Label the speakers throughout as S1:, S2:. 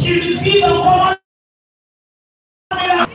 S1: You receive a woman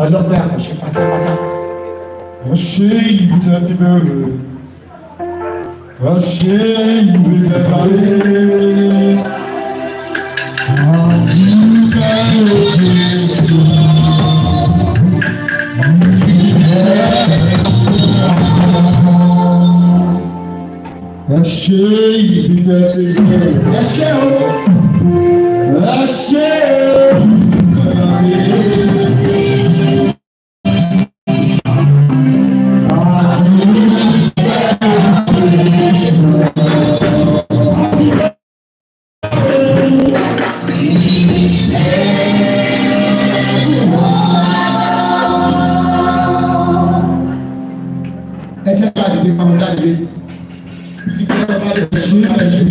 S1: ọlọ́gbẹ́ àkànṣe pátápátá. ẹ ṣe ibi tí wọ́n ti bẹ̀rẹ̀ ẹ ṣe ìwé tẹ̀lé. àdúgbò Jésù. ẹ ṣe ibi tí wọ́n ti bẹ̀rẹ̀. ẹ ṣe o. ẹ ṣe o. Başını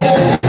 S1: Yeah.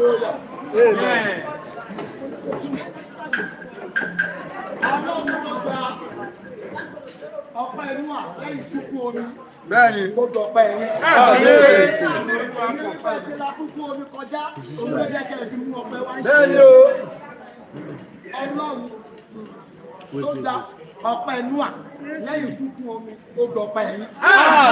S1: Hallelujah. Amen. Ọ̀pá ẹ̀rú wà lẹ́yìn tí kú Bẹ́ẹ̀ni. Bẹ́ẹ̀ni. o. Ọlọ́run tó da ọ̀pá ẹ̀nú à lẹ́yìn kúkú omi, ó jọ ọ̀pá